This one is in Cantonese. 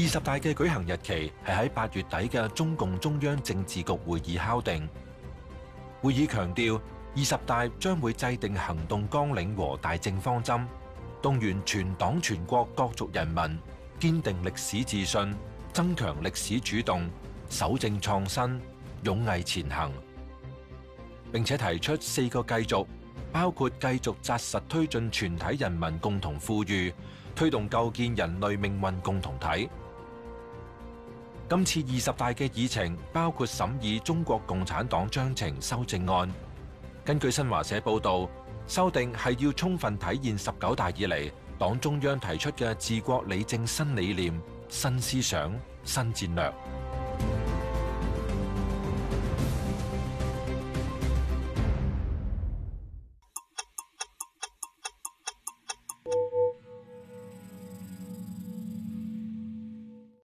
二十大嘅舉行日期係喺八月底嘅中共中央政治局會議敲定。會議強調，二十大將會制定行動綱領和大政方針，動員全黨全國各族人民，堅定歷史自信，增強歷史主動，守正創新，勇毅前行，並且提出四個繼續，包括繼續紮實推進全體人民共同富裕，推動構建人類命運共同體。今次二十大嘅議程包括審議中國共產黨章程修正案。根據新華社報導，修訂係要充分體現十九大以嚟黨中央提出嘅治國理政新理念、新思想、新戰略。